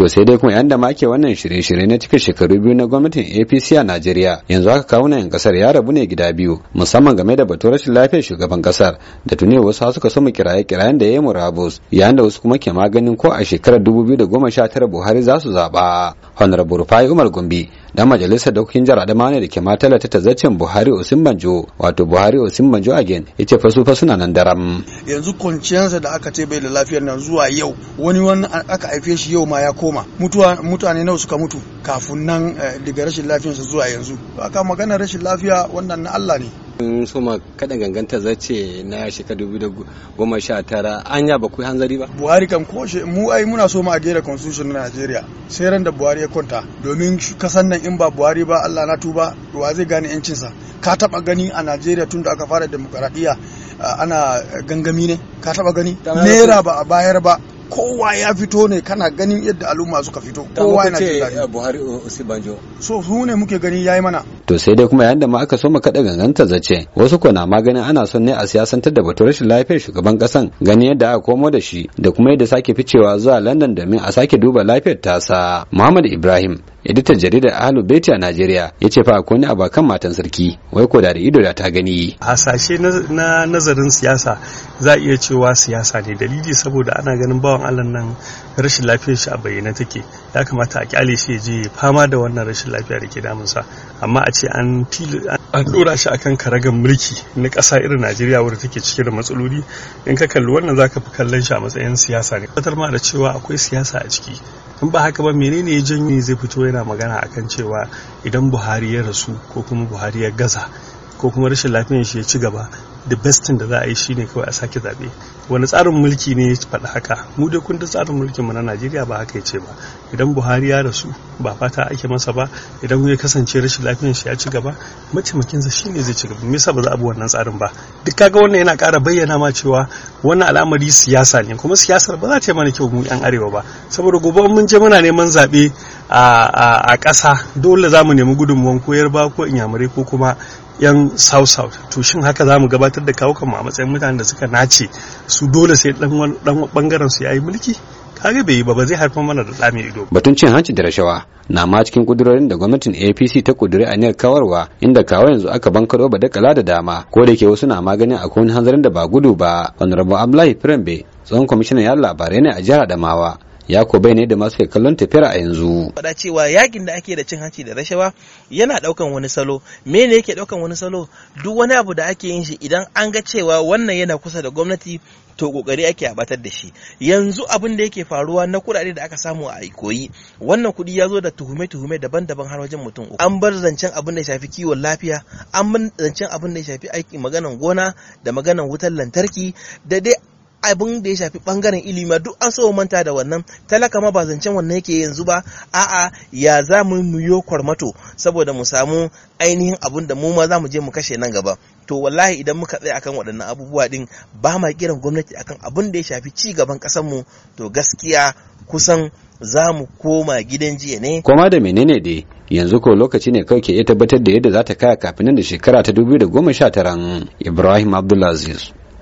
to sai dai kuma yanda ma wannan shirye-shirye na cikin shekaru biyu na gwamnatin apc a najeriya yanzu haka kawunan kasar ya rabu ne gida biyu musamman game da batun rashin lafiyar shugaban kasar da tuni wasu suka so mu kiraye kirayen da ya yi murabus yayin da wasu kuma ke maganin ko a shekarar 2019 buhari za su zaɓa honorable rufai umar gombe dan majalisar dokokin jihar ne da ke matala ta tazaccen buhari osin banjo wato buhari osin banjo again ya ce fasu faso na nan daram yanzu kwanciyarsa da aka ce bai da lafiyar nan zuwa yau wani wani aka haife shi yau ma ya koma mutane nawa suka mutu kafin nan eh, daga rashin lafiyarsa zuwa yanzu to aka maganar rashin lafiya wannan na Allah ne in soma kada ganganta zace na shekara dubu da goma sha tara an ya bakwai hanzari ba buhari kam ko mu ai muna so mu a gera constitution na najeriya sai ran da buhari ya kwanta domin kasan nan in ba buhari ba allah na tuba wa zai gane yancin sa ka taba gani a najeriya tun da aka fara demokaradiyya ana gangami ne ka taba gani naira ba a bayar ba kowa ya fito ne kana ganin yadda al'umma suka fito kowa yana jin daɗi eh, Buhari eh, banjo so su ne muke gani yayi mana to sai dai kuma yayin da ma aka so mu kada ganganta zace wasu ko na maganin ana son ne a siyasantar da batun rashin lafiyar shugaban kasan ganin yadda aka komo da shi da kuma yadda sake ficewa zuwa London domin a sake duba lafiyar tasa Muhammad Ibrahim editan jaridar ahlul baiti a najeriya ya ce fa akwai wani abu kan matan sarki wai ko da ido da ta gani A hasashe na nazarin siyasa za iya cewa siyasa ne dalili saboda ana ganin bawan allah nan rashin lafiyar shi a bayyane take ya kamata a kyale shi je fama da wannan rashin lafiya da ke damunsa amma a ce an an dora shi akan karagan mulki na ƙasa irin najeriya wadda take cike da matsaloli in ka kalli wannan zaka fi kallon shi a matsayin siyasa ne fatar ma da cewa akwai siyasa a ciki in ba haka ba menene ya janyo zai fito yana magana akan cewa idan buhari ya rasu ko kuma buhari ya gaza ko kuma rashin lafiyar shi ya ci gaba the best thing da za a yi shine kawai a sake zaɓe wani tsarin mulki ne ya faɗi haka mu dai kun tsarin mulkin mu na Najeriya ba haka yace ba idan Buhari ya rasu ba fata ake masa ba idan ya kasance rashin lafiyar shi ya ci gaba mataimakin sa shine zai ci gaba me yasa ba za a bi wannan tsarin ba duk kaga wannan yana ƙara bayyana ma cewa wannan al'amari siyasa ne kuma siyasar ba za ta yi mana kyau mu yan arewa ba saboda gobe mun je muna neman zaɓe a ƙasa dole za mu nemi gudunmuwan koyar yarba ko inyamurai ko kuma yan south south to shin haka za mu gabatar da kawo kanmu a matsayin mutanen da suka nace su dole sai dan bangaren su yi mulki kaga bai yi ba ba zai haifar mana da dami ido batun cin hanci da rashawa na ma cikin kudurorin da gwamnatin APC ta kuduri a niyar kawarwa inda kawo yanzu aka bankaro ba dakala da dama ko da ke wasu na maganin akwai wani hanzarin da ba gudu ba honorable Abdullahi Firambe tsohon kwamishinan yan labarai ne a jihar Adamawa ya ko bai ne da masu kallon tafira a yanzu fada cewa yakin da ake da cin hanci da rashawa yana ɗaukan wani salo mene yake ɗaukan wani salo duk wani abu da ake yin shi idan an ga cewa wannan yana kusa da gwamnati to kokari ake a batar da shi yanzu abin da yake faruwa na kuɗaɗe da aka samu a koyi wannan kuɗi ya zo da tuhume-tuhume daban-daban har wajen mutum uku an bar zancen abin da ya shafi kiwon lafiya an bar zancen abin da ya shafi aiki maganan gona da maganan wutar lantarki da dai abin da ya shafi bangaren ilimi duk an so manta da wannan talaka ma ba zancen wannan yake yanzu ba a'a ya za mu mu kwarmato saboda mu samu ainihin abin da mu ma za mu je mu kashe nan gaba to wallahi idan muka tsaya akan waɗannan abubuwa din ba ma kiran gwamnati akan abin da ya shafi ci gaban ƙasar mu to gaskiya kusan za mu koma gidan jiya ne koma da menene dai yanzu ko lokaci ne kawai ke iya tabbatar da yadda za ta kaya kafin nan da shekara ta 2019 Ibrahim Abdulaziz